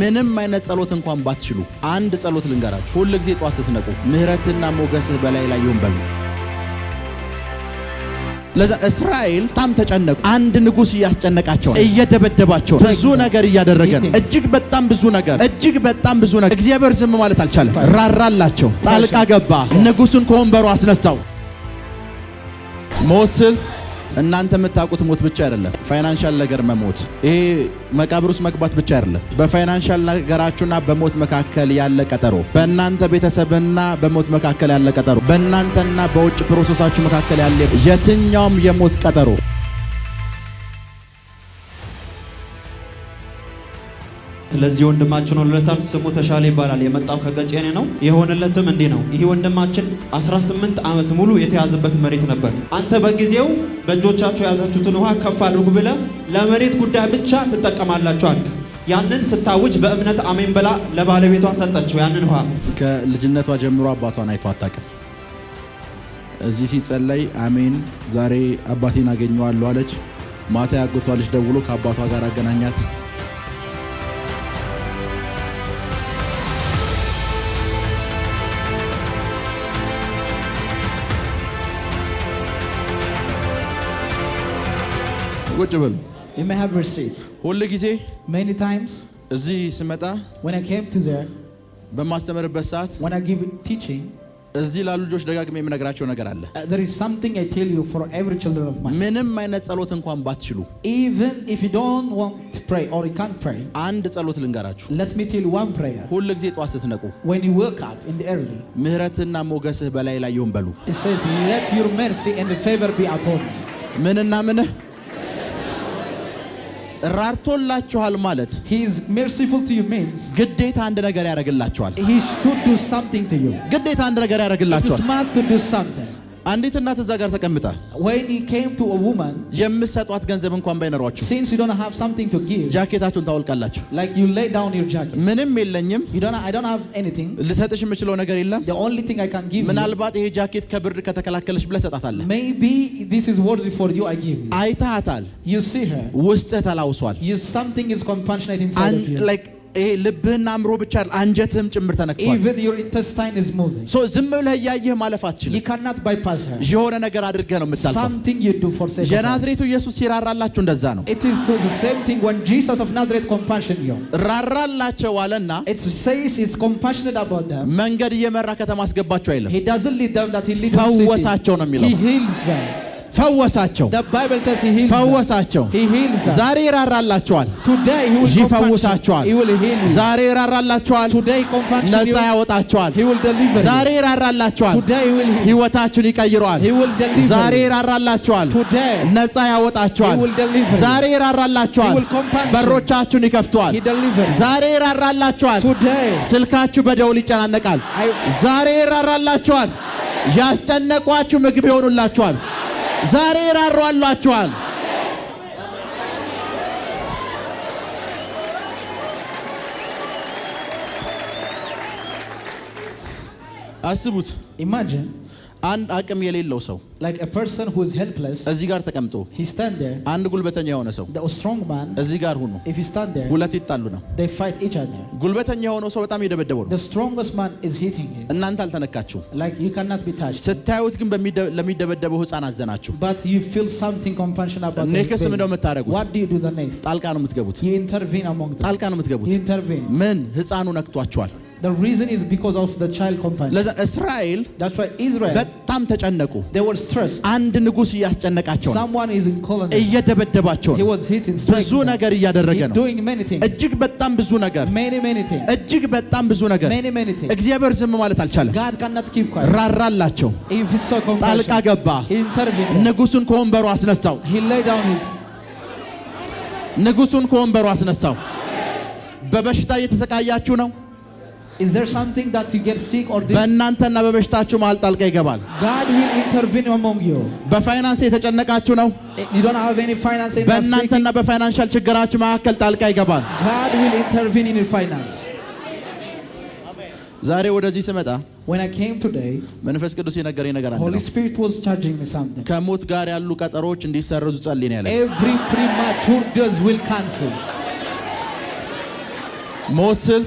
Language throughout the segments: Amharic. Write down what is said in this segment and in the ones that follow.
ምንም አይነት ጸሎት እንኳን ባትችሉ አንድ ጸሎት ልንገራችሁ። ሁል ጊዜ ጧት ስትነቁ ምህረትና ሞገስህ በላይ ላይ ይሁን በሉ። ለዛ እስራኤል በጣም ተጨነቁ። አንድ ንጉስ እያስጨነቃቸው እየደበደባቸው ብዙ ነገር እያደረገ ነው። እጅግ በጣም ብዙ ነገር እጅግ በጣም ብዙ ነገር እግዚአብሔር ዝም ማለት አልቻለም። ራራላቸው፣ ጣልቃ ገባ፣ ንጉሱን ከወንበሩ አስነሳው። ሞት ስል እናንተ የምታውቁት ሞት ብቻ አይደለም። ፋይናንሻል ነገር መሞት፣ ይሄ መቃብር ውስጥ መግባት ብቻ አይደለም። በፋይናንሻል ነገራችሁና በሞት መካከል ያለ ቀጠሮ፣ በእናንተ ቤተሰብና በሞት መካከል ያለ ቀጠሮ፣ በእናንተና በውጭ ፕሮሰሳችሁ መካከል ያለ የትኛውም የሞት ቀጠሮ ስለዚህ ወንድማችን ሆነለታል። ስሙ ተሻለ ይባላል። የመጣው ከገጨኔ ነው። የሆነለትም እንዲህ ነው። ይህ ወንድማችን 18 ዓመት ሙሉ የተያዘበት መሬት ነበር። አንተ በጊዜው በእጆቻቸው የያዛችሁትን ውሃ ከፍ አድርጉ ብለ ለመሬት ጉዳይ ብቻ ትጠቀማላችሁ አልክ። ያንን ስታውጅ በእምነት አሜን ብላ ለባለቤቷ ሰጠችው። ያንን ውሃ ከልጅነቷ ጀምሮ አባቷን አይቶ አታውቅም። እዚህ ሲጸለይ አሜን ዛሬ አባቴን አገኘዋለሁ አለች። ማታ ያጎቷ ልጅ ደውሎ ከአባቷ ጋር አገናኛት። ቁጭ በሉ። ሁል ጊዜ እዚህ ስመጣ በማስተምርበት ሰዓት እዚህ ላሉ ልጆች ደጋግሜ የምነግራቸው ነገር አለ። uh, ምንም አይነት ጸሎት እንኳን ባትችሉ አንድ ጸሎት ልንገራችሁ። ሁል ጊዜ ጠዋት ስትነቁ ምሕረትና ሞገስህ በላይ ላይ ይሁን በሉ። ምንና ምንህ ራርቶላችኋል ማለት ግዴታ አንድ ነገር ያደርግላችኋል። ግዴታ አንድ ነገር ያደርግላችኋል። አንዲት እናት እዛ ጋር ተቀምጣ የምትሰጧት ገንዘብ እንኳን ባይኖራችሁ ጃኬታችሁን ታወልቃላችሁ። ምንም የለኝም፣ ልሰጥሽ የምችለው ነገር የለም፣ ምናልባት ይሄ ጃኬት ከብርድ ከተከላከለች ብለህ ሰጣታለህ። አይተሃታል፣ ውስጥህ ተላውሷል። ይሄ ልብህና አእምሮ ብቻ አንጀትህም ጭምር ተነክቷል። ሶ ዝም ብለህ እያየህ ማለፍ አትችልም። የሆነ ነገር አድርገህ ነው የምታልፈው። የናዝሬቱ ኢየሱስ ይራራላችሁ እንደዛ ነው። ራራላቸው አለና መንገድ እየመራ ከተማ አስገባቸው አይልም፣ ፈወሳቸው ነው የሚለው ፈወሳቸው፣ ፈወሳቸው። ዛሬ ይራራላቸዋል፣ ይፈውሳቸዋል። ዛሬ ይራራላቸዋል፣ ነፃ ያወጣቸዋል። ዛሬ ይራራላቸዋል፣ ህይወታችሁን ይቀይረዋል። ዛሬ ይራራላቸዋል፣ ነፃ ያወጣቸዋል። ዛሬ ይራራላቸዋል፣ በሮቻችሁን ይከፍተዋል። ዛሬ ይራራላቸዋል፣ ስልካችሁ በደውል ይጨናነቃል። ዛሬ ይራራላቸዋል፣ ያስጨነቋችሁ ምግብ ይሆኑላችኋል። ዛሬ ራሯላችኋል። አስቡት ኢማጂን አንድ አቅም የሌለው ሰው እዚህ ጋር ተቀምጦ አንድ ጉልበተኛ የሆነ ሰው እዚህ ጋር ሆኖ ሁለት ይጣሉ ነው። ጉልበተኛ የሆነው ሰው በጣም የደበደበው ነው። እናንተ አልተነካችሁ። ስታዩት ግን ለሚደበደበው ሕፃን አዘናችሁ። ኔክስ ምንደው የምታደርጉት? ጣልቃ ነው የምትገቡት። ጣልቃ ነው የምትገቡት። ምን ሕፃኑ ነክቷችኋል? እስራኤል በጣም ተጨነቁ። አንድ ንጉሥ እያስጨነቃቸው ነው፣ እየደበደባቸው ነው፣ ብዙ ነገር እያደረገ ነው። እጅግ በጣም ብዙ ነገር፣ እጅግ በጣም ብዙ ነገር። እግዚአብሔር ዝም ማለት አልቻለም። ራራላቸው፣ ጣልቃ ገባ፣ ንጉሡን ከወንበሩ አስነሳው። ንጉሡን ከወንበሩ አስነሳው። በበሽታ እየተሰቃያችሁ ነው በእናንተና በበሽታችሁ መሀል ጣልቃ ይገባል። በፋይናንስ የተጨነቃችሁ ነው። በእናንተና በፋይናንሻል ችግራችሁ መካከል ጣልቃ ይገባል። ዛሬ ወደዚህ ስመጣ መንፈስ ቅዱስ የነገረኝ ነገር አለ። ከሞት ጋር ያሉ ቀጠሮች እንዲሰረዙ ጸልይ ነው ያለኝ። ሞት ስል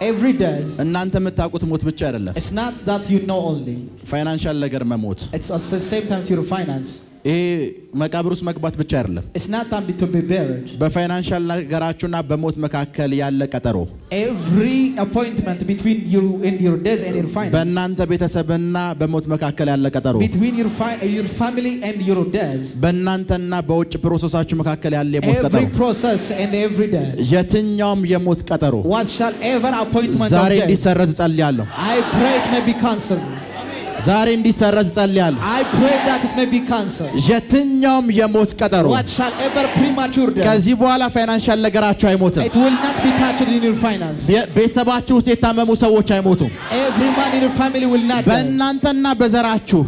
Every day, death it's not that you know only financial ነገር መሞት it's the same time to your finance ይሄ መቃብር ውስጥ መግባት ብቻ አይደለም። በፋይናንሻል ነገራችሁና በሞት መካከል ያለ ቀጠሮ፣ በእናንተ ቤተሰብና በሞት መካከል ያለ ቀጠሮ፣ በእናንተና በውጭ ፕሮሰሳችሁ መካከል ያለ የሞት ቀጠሮ፣ የትኛውም የሞት ቀጠሮ ዛሬ እንዲሰረዝ ጸልያለሁ። ዛሬ እንዲሰረዝ ጸልያለሁ። የትኛውም የሞት ቀጠሮ ከዚህ በኋላ ፋይናንሻል ነገራችሁ አይሞትም። ቤተሰባችሁ ውስጥ የታመሙ ሰዎች አይሞቱም። በእናንተና በዘራችሁ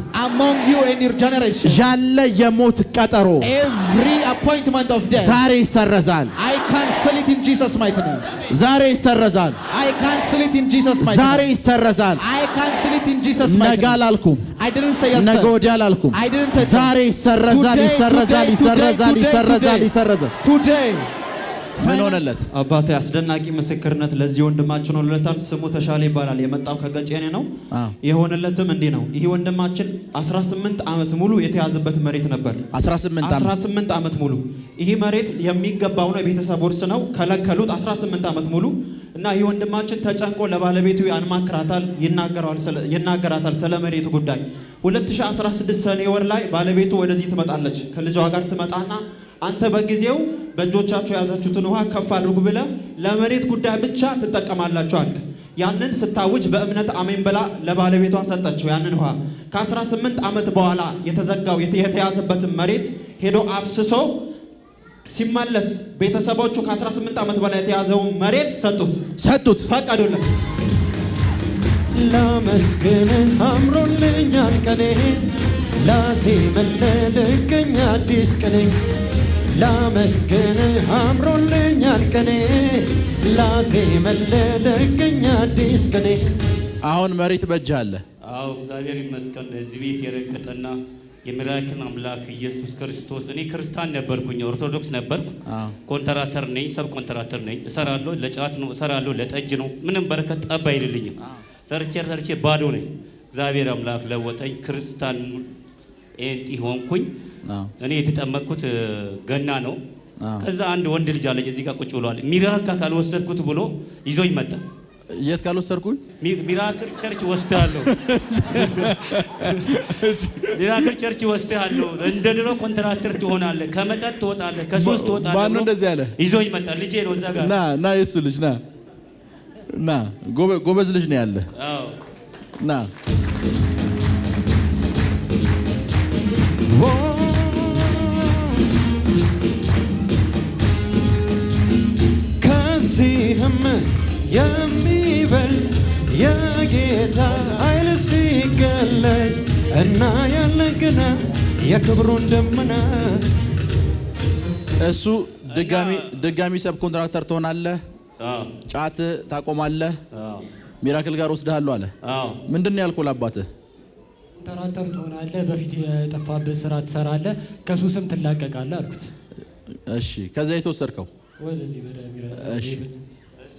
ያለ የሞት ቀጠሮ ዛሬ ይሰረዛል። ዛሬ ይሰረዛል። ዛሬ ይሰረዛል። አላልኩም። ነገ ወዲያ አላልኩም። ዛሬ ይሰረዛል፣ ይሰረዛል፣ ይሰረዛል፣ ይሰረዛል፣ ይሰረዛል። ምን ሆነለት አባቴ? አስደናቂ ምስክርነት ለዚህ ወንድማችን ሆነለታል። ስሙ ተሻለ ይባላል። የመጣው ከገጨኔ ነው። የሆነለትም እንዲህ ነው። ይህ ወንድማችን 18 ዓመት ሙሉ የተያዘበት መሬት ነበር። 18 ዓመት ሙሉ ይህ መሬት የሚገባው ነው፣ የቤተሰብ ውርስ ነው። ከለከሉት 18 ዓመት ሙሉ እና ይህ ወንድማችን ተጨንቆ ለባለቤቱ ያንማክራታል፣ ይናገራታል ስለ መሬቱ ጉዳይ። 2016 ሰኔ ወር ላይ ባለቤቱ ወደዚህ ትመጣለች ከልጇ ጋር ትመጣና አንተ በጊዜው በእጆቻቸው የያዛችሁትን ውሃ ከፍ አድርጉ ብለ ለመሬት ጉዳይ ብቻ ትጠቀማላችሁ አልክ። ያንን ስታውጅ በእምነት አሜን ብላ ለባለቤቷ ሰጠችው። ያንን ውሃ ከ18 ዓመት በኋላ የተዘጋው የተያዘበትን መሬት ሄዶ አፍስሶ ሲመለስ ቤተሰቦቹ ከ18 ዓመት በላይ የተያዘውን መሬት ሰጡት ሰጡት ፈቀዱለት። ላመስግን አምሮልኛል ቀኔ ላዜመልህ አዲስ ቀኔ ላመስግን አምሮልኛል ቀኔ ላዜመልህ አዲስ ቀኔ አሁን መሬት በእጅ አለ። አዎ እግዚአብሔር ይመስገን እዚህ ቤት የረከጠና የምራችን አምላክ ኢየሱስ ክርስቶስ እኔ ክርስቲያን ነበርኩኝ፣ ኦርቶዶክስ ነበርኩ። ኮንትራተር ነኝ፣ ሰብ ኮንትራተር ነኝ። እሰራለሁ፣ ለጫት ነው እሰራለሁ፣ ለጠጅ ነው። ምንም በረከት ጠብ አይልልኝም። ሰርቼ ሰርቼ ባዶ ነኝ። እግዚአብሔር አምላክ ለወጠኝ፣ ክርስቲያን ጴንጤ ሆንኩኝ። እኔ የተጠመቅኩት ገና ነው። ከዛ አንድ ወንድ ልጅ አለኝ፣ እዚህ ጋር ቁጭ ብሏል። ሚራካ ካልወሰድኩት ብሎ ይዞኝ መጣ። የት ካልወሰድኩኝ ሚራክል ቸርች ወስደሃለሁ፣ ሚራክል ቸርች ወስደሃለሁ። እንደ ድሮ ኮንትራክተር ትሆናለህ፣ ከመጠጥ ትወጣለህ፣ ከሱስ ትወጣለህ። ማነው እንደዚህ ያለ? ይዞኝ መጣ። ልጄ ነው እዛ ጋር። ና ና፣ የእሱ ልጅ ና ና፣ ጎበዝ ልጅ ነው ያለ። ና ከዚህም የሚበልጥ የጌታ ኃይል ሲገለጥ እና ያለን ገና የክብሩን ደመና እሱ ድጋሚ ሰብ ኮንትራክተር ትሆናለህ፣ ጫት ታቆማለህ፣ ሚራክል ጋር ወስድሃለሁ አለ። ምንድን ነው ያልኩህ ለአባትህ? ኮንትራክተር ትሆናለህ፣ በፊት የጠፋብህ ስራ ትሰራለህ፣ ከሱ ስም ትላቀቃለህ አልኩት። እሺ፣ ከዚያ የተወሰድከው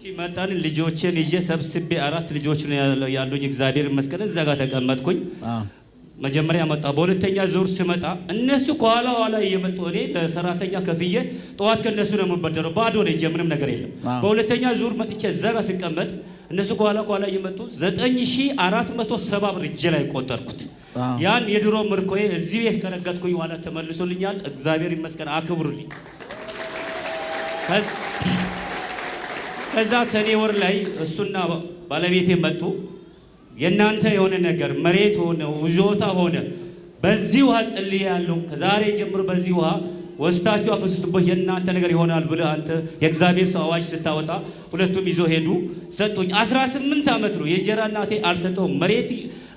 ሲመጣን ልጆችን ይዤ ሰብስቤ አራት ልጆች ነው ያሉኝ። እግዚአብሔር ይመስገን እዛ ጋር ተቀመጥኩኝ። መጀመሪያ መጣ። በሁለተኛ ዙር ስመጣ እነሱ ከኋላ ኋላ እየመጡ እኔ ለሰራተኛ ከፍዬ ጠዋት ከእነሱ ነው የምበደረው። ባዶ ነው እጄ ምንም ነገር የለም። በሁለተኛ ዙር መጥቼ እዛ ጋር ስቀመጥ እነሱ ከኋላ ከኋላ እየመጡ ዘጠኝ ሺ አራት መቶ ሰባ ብር እጄ ላይ ቆጠርኩት። ያን የድሮ ምርኮዬ እዚህ ቤት ከረገጥኩኝ ኋላ ተመልሶልኛል። እግዚአብሔር ይመስገን። አክብሩልኝ። ከዛ ሰኔ ወር ላይ እሱና ባለቤቴ መጡ። የእናንተ የሆነ ነገር መሬት ሆነ ውዞታ ሆነ በዚህ ውሃ ጸልዬ ያለው ከዛሬ ጀምሮ በዚህ ውሃ ወስታችሁ አፈሱስበት የእናንተ ነገር ይሆናል ብለ አንተ የእግዚአብሔር ሰው አዋጅ ስታወጣ ሁለቱም ይዞ ሄዱ። ሰጡኝ። 18 ዓመት ነው የእንጀራ እናቴ አልሰጠውም። መሬት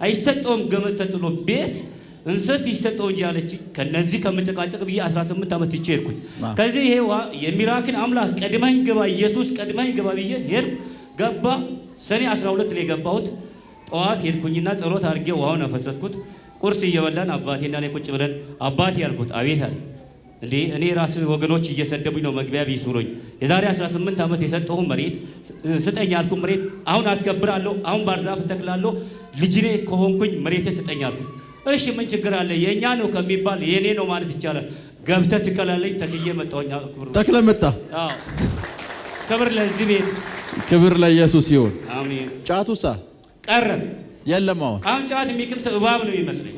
አይሰጠውም ገመድ ተጥሎ ቤት እንሰት ይሰጠው እንጂ አለች። ከነዚህ ከመጨቃጨቅ ብዬ 18 ዓመት ትቼ ሄድኩኝ። ከዚህ ይሄ ውሃ የሚራክን አምላክ ቀድማኝ ገባ፣ ኢየሱስ ቀድማኝ ገባ ብዬ ሄድኩ። ገባ ሰኔ 12 ላይ የገባሁት ጠዋት ሄድኩኝና ጸሎት አድርጌ ውሃውን አፈሰስኩት። ቁርስ እየበላን አባቴና ላይ ቁጭ ብለን አባቴ ያልኩት አቤት አለ። እንዴ እኔ ራስ ወገኖች እየሰደቡኝ ነው መግቢያ ቢስ ብሎኝ የዛሬ 18 ዓመት የሰጠሁ መሬት ስጠኝ ያልኩ መሬት አሁን አስገብራለሁ፣ አሁን ባርዛፍ ተክላለሁ። ልጅኔ ከሆንኩኝ መሬቴ ስጠኝ አልኩ። እሺ ምን ችግር አለ? የእኛ ነው ከሚባል የእኔ ነው ማለት ይቻላል። ገብተ ትከላለኝ። ተክዬ መጣሁኝ። ክብር ተክለ መጣ። ክብር ለዚህ ቤት፣ ክብር ለኢየሱስ ይሁን። አሜን። ጫቱሳ ቀረ የለም። አሁን አሁን ጫት የሚቅም ሰው እባብ ነው የሚመስለኝ።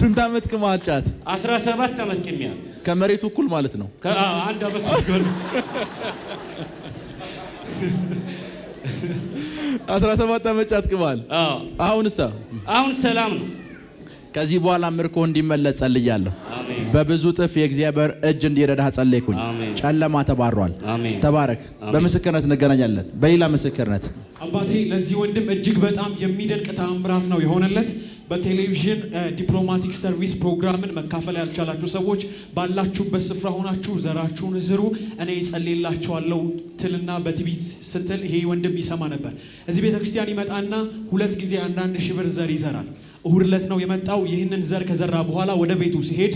ስንት ዓመት ቅመሃል ጫት? 17 ዓመት ቅሜያለሁ። ከመሬቱ እኩል ማለት ነው። አንድ ዓመት ሰባት ዓመት አሁን ሰ አሁን ሰላም ነው። ከዚህ በኋላ ምርኮ እንዲመለስ ጸልያለሁ። በብዙ ጥፍ የእግዚአብሔር እጅ እንዲረዳህ ጸለይኩኝ። ጨለማ ተባሯል። ተባረክ። በምስክርነት እንገናኛለን። በሌላ ምስክርነት አባቴ ለዚህ ወንድም እጅግ በጣም የሚደንቅ ተአምራት ነው የሆነለት። በቴሌቪዥን ዲፕሎማቲክ ሰርቪስ ፕሮግራምን መካፈል ያልቻላችሁ ሰዎች ባላችሁበት ስፍራ ሆናችሁ ዘራችሁን ዝሩ፣ እኔ ይጸልይላችኋለሁ ትልና በትቢት ስትል ይሄ ወንድም ይሰማ ነበር። እዚህ ቤተ ክርስቲያን ይመጣና ሁለት ጊዜ አንዳንድ ሺህ ብር ዘር ይዘራል። እሁድ ዕለት ነው የመጣው። ይህንን ዘር ከዘራ በኋላ ወደ ቤቱ ሲሄድ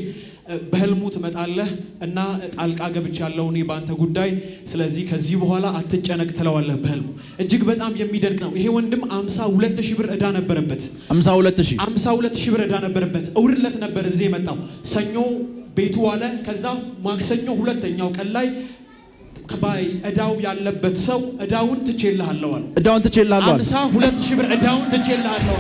በህልሙ ትመጣለህ እና ጣልቃ ገብቻለሁ እኔ በአንተ ጉዳይ፣ ስለዚህ ከዚህ በኋላ አትጨነቅ ትለዋለህ በህልሙ። እጅግ በጣም የሚደንቅ ነው። ይሄ ወንድም አምሳ ሁለት ሺህ ብር እዳ ነበረበት። አምሳ ሁለት ሺህ አምሳ ሁለት ሺህ ብር እዳ ነበረበት። እሑድ ዕለት ነበር እዚህ የመጣው። ሰኞ ቤቱ ዋለ። ከዛ ማክሰኞ ሁለተኛው ቀን ላይ ባይ እዳው ያለበት ሰው እዳውን ትቼልሃለሁ እዳውን ትቼልሃለሁ አምሳ ሁለት ሺህ ብር እዳውን ትቼልሃለሁ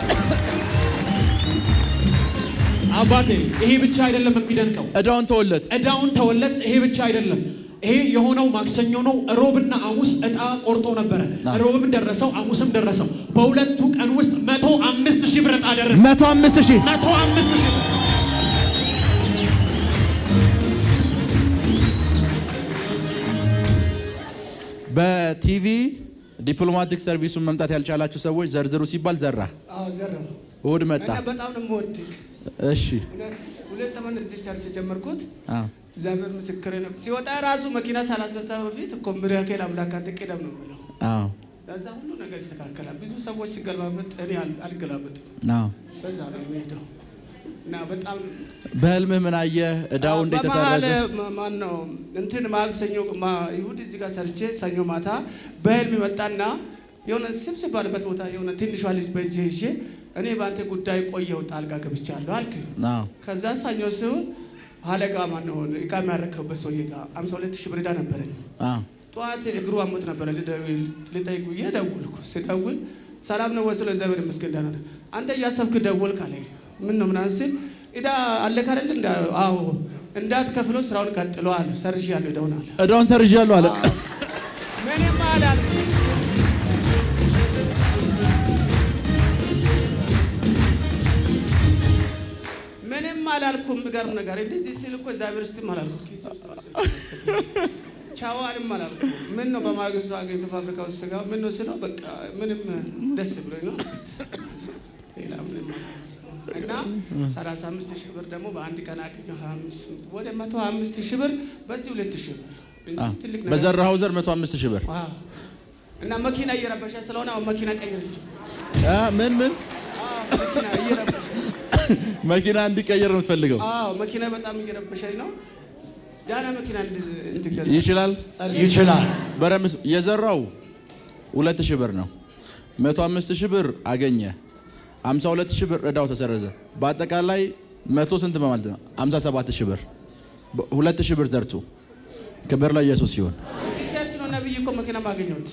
አባቴ ይሄ ብቻ አይደለም የሚደንቀው። እዳውን ተወለት እዳውን ተወለት። ይሄ ብቻ አይደለም። ይሄ የሆነው ማክሰኞ ነው። እሮብና አሙስ እጣ ቆርጦ ነበረ። ሮብም ደረሰው፣ ሐሙስም ደረሰው። በሁለቱ ቀን ውስጥ መቶ አምስት ሺህ ብር እጣ ደረሰ። መቶ አምስት ሺህ መቶ አምስት ሺህ በቲቪ ዲፕሎማቲክ ሰርቪሱን መምጣት ያልቻላችሁ ሰዎች ዘርዝሩ ሲባል ዘራ እሑድ መጣ። በጣም ነው የምወድቅ እሺ ሁለት ተመን እዚህ ቻርች የጀመርኩት እግዚአብሔር ምስክሬ ነው። ሲወጣ ራሱ መኪና ሳላስነሳ በፊት እኮ ምራኬል አምላክ አንተ ቅደም ነው የሚለው። በዛ ሁሉ ነገር ይስተካከላል። ብዙ ሰዎች ሲገለባበጥ እኔ አልገላበጥም። በዛ ነው የሚሄደው። እና በጣም በህልም ምን አየህ? እዳው እንዴት ተሰረዘ? ማን ነው እንትን ማክሰኞ ይሁድ እዚህ ጋር ሰርቼ ሰኞ ማታ በህልም ይመጣና የሆነ ስብስብ ባለበት ቦታ የሆነ ትንሿ ልጅ በእጄ ይዤ እኔ በአንተ ጉዳይ ቆየው ጣልቃ ገብቻለሁ አልክ። ከዛ ሳኞ ሲሆን አለቃ ማነው እቃ የሚያረከብበት ሰውዬ ጋር አምሳ ሁለት ሺህ ብር ዕዳ ነበረን። ጠዋት እግሩ አሞት ነበረ ልጠይቅ ብዬ ደውልኩ። ስደውል ሰላም ነው ወስሎ እግዚአብሔር ይመስገን ደህና ነህ አንተ እያሰብክ ደውል ካለ ምን ነው ምናምን ስል እዳ አለክ አይደል? አዎ ከፍሎ ስራውን ቀጥሎ አለ። ሰርዣለሁ ዕዳውን አለ። ዕዳውን ሰርዣለሁ አለ። ምንም አላልኩም አላልኩም። የሚገርም ነገር እንደዚህ ሲል እኮ እግዚአብሔር ስትም አላልኩም፣ ቻው አልም አላልኩም። ምን ነው በማግስቱ አገኝቶ ፋብሪካ ውስጥ ስጋ ምን ነው ስለው በቃ ምንም ደስ ብሎኝ ነው ሌላ ምንም እና 35 ሺህ ብር ደግሞ በአንድ ቀን አገኘሁ። 25 ወደ 105 ሺህ ብር በዚህ 2 ሺህ ብር በዘራኸው ዘር 105 ሺህ ብር እና መኪና እየረበሸ ስለሆነ መኪና ቀይር ምን ምን መኪና እየረበሸ መኪና እንዲቀየር ነው ትፈልገው? አዎ መኪና በጣም እየረበሸኝ ነው። ዳና መኪና ይችላል ይችላል። በረምስ የዘራው ሁለት ሺህ ብር ነው። መቶ አምስት ሺህ ብር አገኘ። ሀምሳ ሁለት ሺህ ብር እዳው ተሰረዘ። በአጠቃላይ መቶ ስንት በማለት ነው? ሀምሳ ሰባት ሺህ ብር ሁለት ሺህ ብር ዘርቱ ክብር ላይ ይሁን። ሲሆን ቸርች ነው ነብይ እኮ መኪና ማገኘት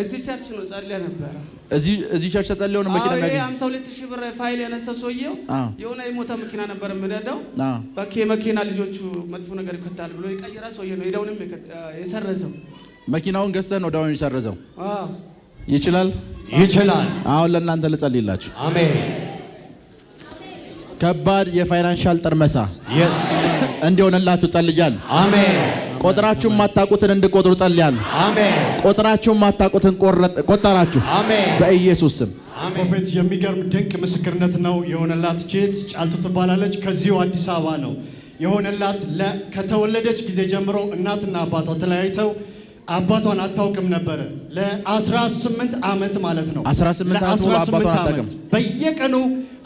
እዚህ ቸርች ነው ጸልየ ነበረ። እዚህ እዚህ ቸርች ተጸልየው ነው መኪና የሚያገኝ። አዎ 52 ሺህ ብር ፋይል ያነሳ ሰውየው የሆነ የሞተ መኪና ነበር የምነዳው። በቃ የመኪና ልጆቹ መጥፎ ነገር ይከታል ብሎ የቀየረ ሰውዬ ነው። እዳውንም የሰረዘው መኪናውን ገዝተን ነው እዳውን የሰረዘው። ይችላል፣ ይችላል። አሁን ለእናንተ ልጸልይላችሁ። አሜን ከባድ የፋይናንሻል ጠርመሳ የስ እንዲሆንላችሁ ጸልያለሁ። አሜን። ቆጥራችሁ ማታቁትን እንድቆጥሩ ጸልያለሁ። አሜን። ቆጥራችሁ ማታቁትን ቆጠራችሁ። አሜን። በኢየሱስ ስም ፕሮፌት የሚገርም ድንቅ ምስክርነት ነው የሆነላት። ቼት ጫልቱ ትባላለች። ከዚሁ አዲስ አበባ ነው የሆነላት። ከተወለደች ጊዜ ጀምሮ እናትና አባቷ ተለያይተው አባቷን አታውቅም ነበረ። ለ18 ዓመት ማለት ነው። 18 ዓመት በየቀኑ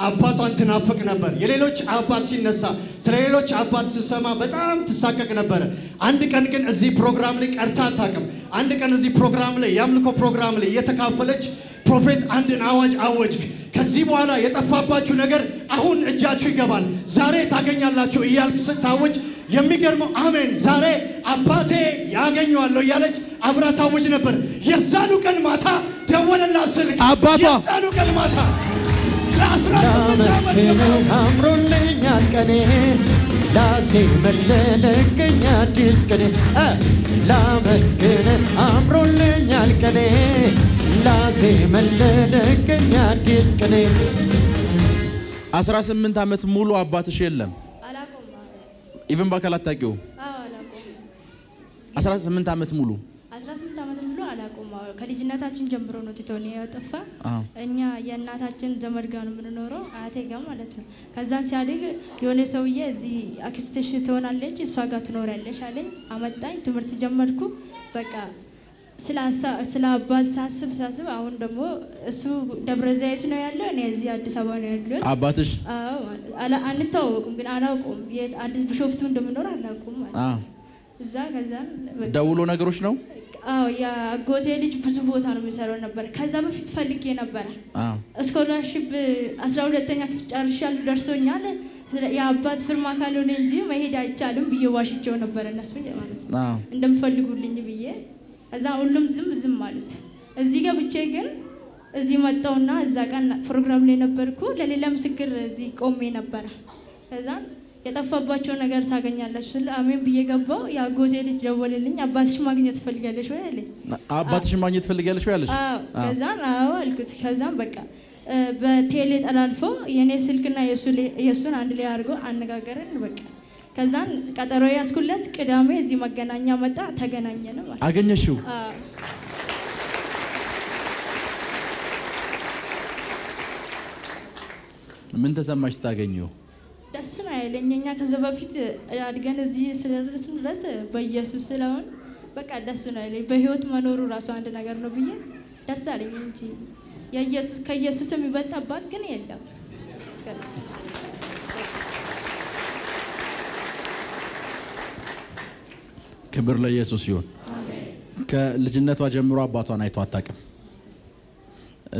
አባቷን ትናፍቅ ነበር። የሌሎች አባት ሲነሳ ስለ ሌሎች አባት ሲሰማ በጣም ትሳቀቅ ነበረ። አንድ ቀን ግን እዚህ ፕሮግራም ላይ ቀርታ አታውቅም። አንድ ቀን እዚህ ፕሮግራም ላይ የአምልኮ ፕሮግራም ላይ እየተካፈለች ፕሮፌት አንድን አዋጅ አወጅክ። ከዚህ በኋላ የጠፋባችሁ ነገር አሁን እጃችሁ ይገባል፣ ዛሬ ታገኛላችሁ እያልክ ስታውጅ የሚገርመው አሜን፣ ዛሬ አባቴ ያገኘዋለሁ እያለች አብራ ታውጅ ነበር። የዛኑ ቀን ማታ ደወለላት ስልክ አባቷ የዛኑ ቀን ማታ ላመስግነው አምሮልኛል ቀኔ ዳሴ መለለገኝ አዲስ ቀኔ ላመስግነው አምሮልኛል ቀኔ ስላሴ መለደገኝ አዲስ ቅኔ 18 ዓመት ሙሉ አባትሽ የለም ኢቨን በአካል አታውቂው? 18 ዓመት ሙሉ ከልጅነታችን ጀምሮ ነው ቲቶኒ ያጠፋ። እኛ የእናታችን ዘመድ ጋር ነው የምንኖረው፣ አያቴ ጋር ማለት ነው። ከዛን ሲያድግ የሆነ ሰውዬ እዚህ አክስትሽ ትሆናለች፣ እሷ ጋር ትኖሪያለሽ አለኝ። አመጣኝ፣ ትምህርት ጀመርኩ በቃ ስለ አባት ሳስብ ሳስብ አሁን ደግሞ እሱ ደብረ ዘይት ነው ያለው፣ እኔ እዚህ አዲስ አበባ ነው ያለሁት። አባትሽ አንተዋወቁም፣ ግን አላውቁም። አዲስ ቢሾፍቱ እንደምኖር አላውቁም ማለት እዛ ከዛ ደውሎ ነገሮች ነው። አዎ የአጎቴ ልጅ ብዙ ቦታ ነው የሚሰራው ነበር። ከዛ በፊት ፈልጌ ነበረ ስኮላርሽፕ አስራ ሁለተኛ ክፍል ጨርሻለሁ ደርሶኛል የአባት ፍርማ ካልሆነ እንጂ መሄድ አይቻልም ብዬ ዋሽቸው ነበረ እነሱ ማለት ነው እንደምፈልጉልኝ ብዬ እዛ ሁሉም ዝም ዝም አሉት። እዚህ ገብቼ ግን እዚህ መጣውና እዛ ቀን ፕሮግራም ላይ ነበርኩ። ለሌላ ምስክር እዚህ ቆሜ ነበረ። እዛን የጠፋባቸው ነገር ታገኛላችሁ ስለ አሜን ብዬ ገባው። የአጎቴ ልጅ ደወለልኝ። አባትሽ ማግኘት ትፈልጋለሽ ወይ አለኝ። አባትሽ ማግኘት ትፈልጋለሽ ወይ አለሽ? ከዛን አዎ አልኩት። ከዛን በቃ በቴሌ ጠላልፎ የኔ ስልክና የሱን አንድ ላይ አድርጎ አነጋገረን በቃ ከዛን ቀጠሮ ያስኩለት ቅዳሜ እዚህ መገናኛ መጣ። ተገናኘን ማለት አገኘሽው። ምን ተሰማሽ ስታገኘው? ደስ ነው ያለኝ። እኛ ከዛ በፊት አድገን እዚህ ስለደረስን ድረስ በኢየሱስ ስለሆን በቃ ደስ ነው ያለኝ። በህይወት መኖሩ ራሱ አንድ ነገር ነው ብዬ ደስ አለኝ እንጂ ከኢየሱስ የሚበልጥ አባት ግን የለም። ክብር ለኢየሱስ ይሁን። ከልጅነቷ ጀምሮ አባቷን አይቶ አታውቅም።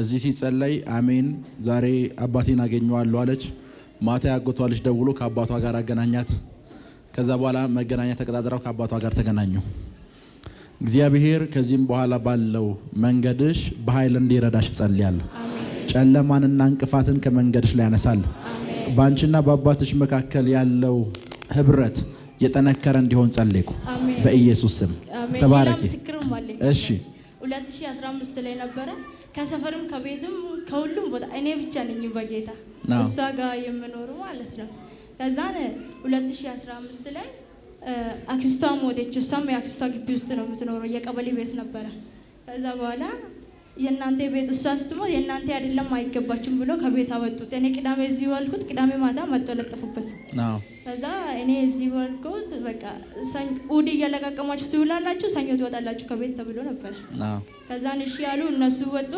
እዚህ ሲጸለይ አሜን፣ ዛሬ አባቴን አገኘዋለሁ አለች። ማታ ያጎቷ ልጅ ደውሎ ከአባቷ ጋር አገናኛት። ከዛ በኋላ መገናኛ ተቀጣጥረው ከአባቷ ጋር ተገናኙ። እግዚአብሔር ከዚህም በኋላ ባለው መንገድሽ በኃይል እንዲረዳሽ ጸልያለሁ። ጨለማንና እንቅፋትን ከመንገድሽ ላይ ያነሳል። በአንቺና በአባትሽ መካከል ያለው ህብረት የጠነከረ እንዲሆን ጸለይኩ በኢየሱስ ስም። ተባረኪ። እሺ 2015 ላይ ነበረ። ከሰፈርም ከቤትም ከሁሉም ቦታ እኔ ብቻ ነኝ በጌታ እሷ ጋር የምኖሩ ማለት ነው። ከዛን 2015 ላይ አክስቷ ሞተች። እሷም የአክስቷ ግቢ ውስጥ ነው የምትኖረው። የቀበሌ ቤት ነበረ። ከዛ በኋላ የእናንተ ቤት እሷ ስትሞት የእናንተ አይደለም አይገባችሁም ብሎ ከቤት አወጡት። እኔ ቅዳሜ እዚህ ዋልኩት። ቅዳሜ ማታ መጥቶ ለጠፉበት። ከዛ እኔ እዚህ ዋልኩት። በቃ እሑድ እያለቃቀማችሁ ትውላላችሁ፣ ሰኞ ትወጣላችሁ ከቤት ተብሎ ነበር። ከዛን እሺ ያሉ እነሱ ወጡ።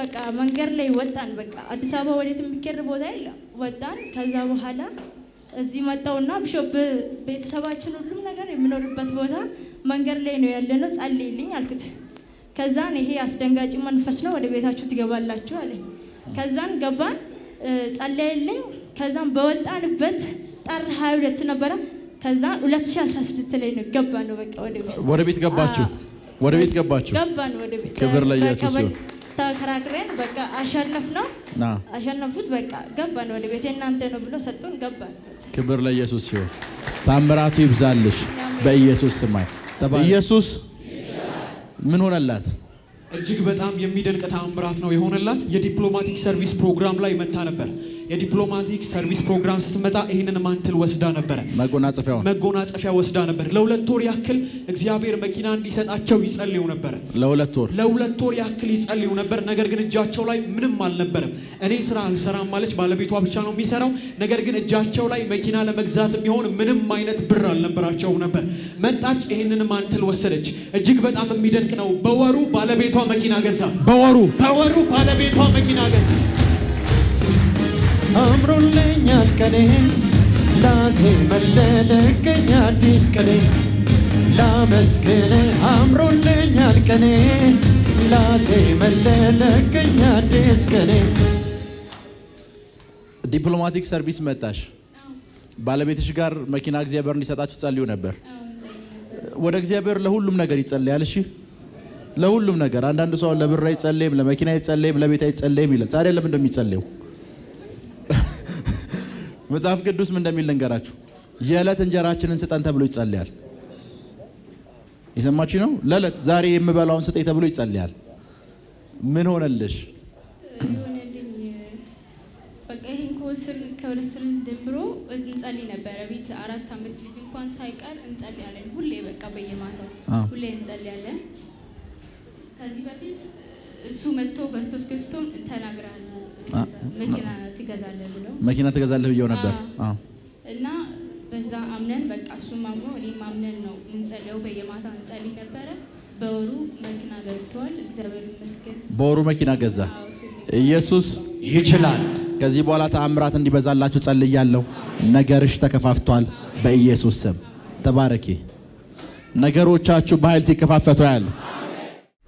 በቃ መንገድ ላይ ወጣን። በቃ አዲስ አበባ ወዴት የሚኬር ቦታ የለም። ወጣን። ከዛ በኋላ እዚህ መጣውና ቢሾፕ ቤተሰባችን ሁሉም ነገር የምኖርበት ቦታ መንገድ ላይ ነው ያለነው፣ ጸልይልኝ አልኩት። ከዛን ይሄ አስደንጋጭ መንፈስ ነው ወደ ቤታችሁ ትገባላችሁ አለኝ። ከዛን ገባን፣ ጸለየልኝ። ከዛን በወጣንበት ጥር 22 ነበረ። ከዛን 2016 ላይ ነው ገባ ነው በቃ ወደ ቤት ወደ ቤት ገባችሁ ወደ ቤት ገባችሁ ገባን ወደ ቤት ክብር ለኢየሱስ ይሁን። ተከራክረን በቃ አሸነፍ ነው አሸነፉት። በቃ ገባን ወደ ቤት የእናንተ ነው ብሎ ሰጡን። ገባን። ክብር ለኢየሱስ ይሁን። ታምራቱ ይብዛልሽ በኢየሱስ ስም ኢየሱስ ምን ሆነላት? እጅግ በጣም የሚደንቅ ተአምራት ነው የሆነላት። የዲፕሎማቲክ ሰርቪስ ፕሮግራም ላይ መታ ነበር። የዲፕሎማቲክ ሰርቪስ ፕሮግራም ስትመጣ ይህንን ማንትል ወስዳ ነበረ፣ መጎናጸፊያ ወስዳ ነበር። ለሁለት ወር ያክል እግዚአብሔር መኪና እንዲሰጣቸው ይጸልዩ ነበረ። ለሁለት ወር ለሁለት ወር ያክል ይጸልዩ ነበር። ነገር ግን እጃቸው ላይ ምንም አልነበረም። እኔ ስራ አልሰራም ማለች፣ ባለቤቷ ብቻ ነው የሚሰራው። ነገር ግን እጃቸው ላይ መኪና ለመግዛት የሚሆን ምንም አይነት ብር አልነበራቸው ነበር። መጣች፣ ይህንን ማንትል ወሰደች። እጅግ በጣም የሚደንቅ ነው። በወሩ ባለቤቷ መኪና ገዛ። በወሩ በወሩ ባለቤቷ መኪና ገዛ። አምሮልኛል ቀኔ ላዜመልህ ቀኝ አዲስ ቀኔ ላመስግን አምሮልኛል ቀኔ ላዜመልህ ቀኝ አዲስ ቀኔ። ዲፕሎማቲክ ሰርቪስ መጣሽ። ባለቤትሽ ጋር መኪና እግዚአብሔር እንዲሰጣችሁ ጸልዩ ነበር። ወደ እግዚአብሔር ለሁሉም ነገር ይጸልያል። እሺ ለሁሉም ነገር። አንዳንድ ሰው ለብር አይጸልይም፣ ለመኪና አይጸልይም፣ ለቤት አይጸልይም ይላል። ታዲያ ለምን እንደሚጸልየው መጽሐፍ ቅዱስ ምን እንደሚል ልንገራችሁ። የዕለት እንጀራችንን ስጠን ተብሎ ይጸልያል። የሰማች ነው። ለዕለት ዛሬ የምበላውን ስጠኝ ተብሎ ይጸልያል። ምን ሆነልሽ? በቃ ይሄን ከወስር ከወስር ጀምሮ እንጸልይ ነበረ። ቤት አራት አመት ልጅ እንኳን ሳይቀር እንጸልያለን። ሁሌ በቃ በየማታው ሁሌ እንጸልያለን። ከዚህ በፊት እሱ መጥቶ ገዝቶ ገፍቶም ተናግራል መኪና ትገዛለህ ብየው ነበር እና በዛ አምነን በቃ እሱም አምኖ እኔም አምነን ነው ምንጸለው። በየማታ እንጸልይ ነበረ። በወሩ መኪና ገዝተዋል። እግዚአብሔር ይመስገን። በወሩ መኪና ገዛ። ኢየሱስ ይችላል። ከዚህ በኋላ ተአምራት እንዲበዛላችሁ ጸልያለሁ። ነገርሽ ተከፋፍቷል በኢየሱስ ስም። ተባረኪ። ነገሮቻችሁ በኃይል ሲከፋፈቱ ያለ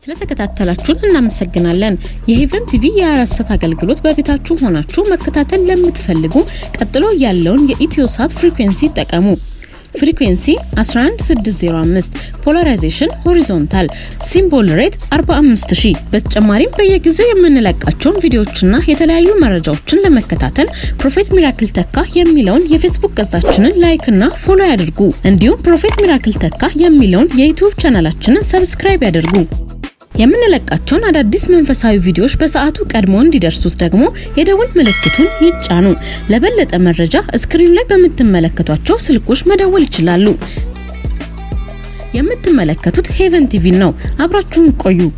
ስለተከታተላችሁን እናመሰግናለን። የሄቨን ቲቪ የአራሰት አገልግሎት በቤታችሁ ሆናችሁ መከታተል ለምትፈልጉ ቀጥሎ ያለውን የኢትዮሳት ፍሪኩዌንሲ ይጠቀሙ። ፍሪኩንሲ 11605 ፖላራይዜሽን ሆሪዞንታል ሲምቦል ሬት 45000። በተጨማሪም በየጊዜው የምንለቃቸውን ቪዲዮዎችና የተለያዩ መረጃዎችን ለመከታተል ፕሮፌት ሚራክል ተካ የሚለውን የፌስቡክ ገጻችንን ላይክ እና ፎሎ ያድርጉ። እንዲሁም ፕሮፌት ሚራክል ተካ የሚለውን የዩቲዩብ ቻናላችንን ሰብስክራይብ ያድርጉ። የምንለቃቸውን አዳዲስ መንፈሳዊ ቪዲዮዎች በሰዓቱ ቀድሞ እንዲደርሱት ደግሞ የደውል ምልክቱን ይጫኑ። ለበለጠ መረጃ እስክሪን ላይ በምትመለከቷቸው ስልኮች መደወል ይችላሉ። የምትመለከቱት ሄቨን ቲቪ ነው። አብራችሁን ቆዩ።